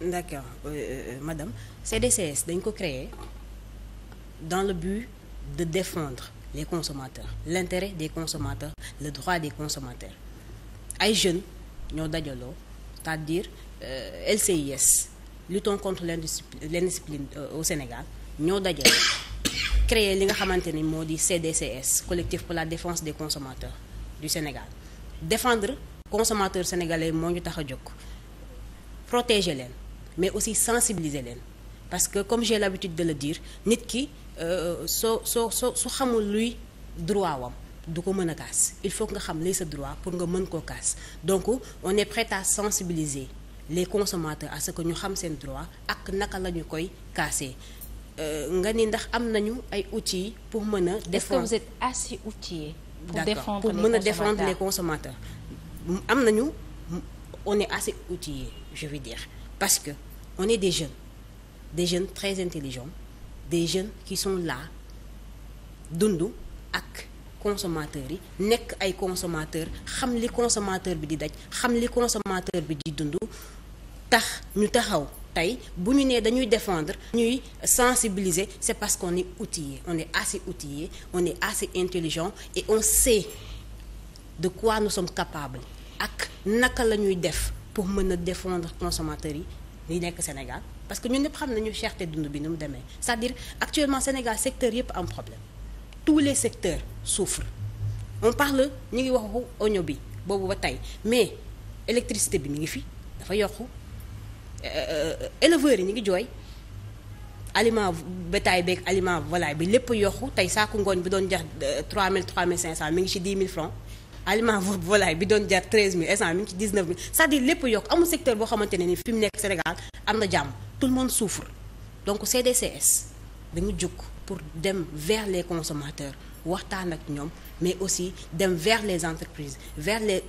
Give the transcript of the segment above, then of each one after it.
d'accord euh, euh, euh madame CDCS dañ ko créer dans le but de défendre les consommateurs l'intérêt des consommateurs le droit des consommateurs ay jeunes ñoo dajaloo c'est-à-dire euh, LCIS luttons contre l'indiscipline euh, au Sénégal ñoo dajaloo créer li nga xamante ni moo di CDCS collectif pour la défense des consommateurs du Sénégal défendre consommateurs sénégalais moo ñu tax a jóg protéger leen mais aussi sensibiliser leen parce que comme j'ai l'habitude de la dire nit ki euh, soo soo soo su xamul luy droit wam du ko mën a kaas il faut que nga xam lii sa droit pour nga mën koo kaas donc on est prêt à sensibiliser les consommateurs à que ñu xam seen droit ak naka la ñu koy kaasee euh, nga ni ndax am nañu ay outils pour mën a défendre est-ce que vous êtes pour mën a défendre les consommateurs am nañu on est assez outillés je veux dire parce que on des jeunes des jeunes très intelligents des jeunes qui sont là dundu ak consommateurs yi nekk ay consommateurs xam li consommateur bi di daj xam li consommateur bi di dundu tax ñu taxaw tey bu ñu nee dañuy défendre ñuy sensibiliser c'est parce qu'on est outillé on est assez outillé on est assez intelligent et on sait de quoi nous sommes capables ak naka la ñuy def pour mën a défendre consommateurs yi li nekk Sénégal parce que ñun ñëpp xam nañu cherté dund bi ni mu demee c'est-à-dire actuellement Sénégal secteur yëpp am problème tous les secteurs souffrent on parle ñu ngi waxu oignon bi boobu ba tey mais électricité bi mu ngi fi dafa yokku euh, éleveurs yi ñu ngi jooy aliment bétail beeg aliment volaille bi lépp yokku tey saaku ngooñ bi doon jax 3000 3500 mi ngi ci 10 000 francs aliment volaille bi doon jar treize mille instant mi ngi ci dix neuf mille cest à lépp yokk amul secteur boo xamante ne ni fi mu nekk Sénégal am na jàmm tout le monde souffre donc CDCS dañu jóg pour dem vers les consommateurs waxtaan ak ñoom mais aussi dem vers les entreprises vers les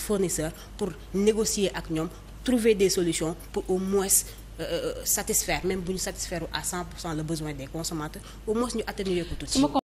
fournisseurs pour négocier ak ñoom trouver des solutions pour au moins euh, euh satisfaire même bu ñu satisfaire à 100 pour cent le besoin des consommateurs au moins ñu atténuer ko tuuti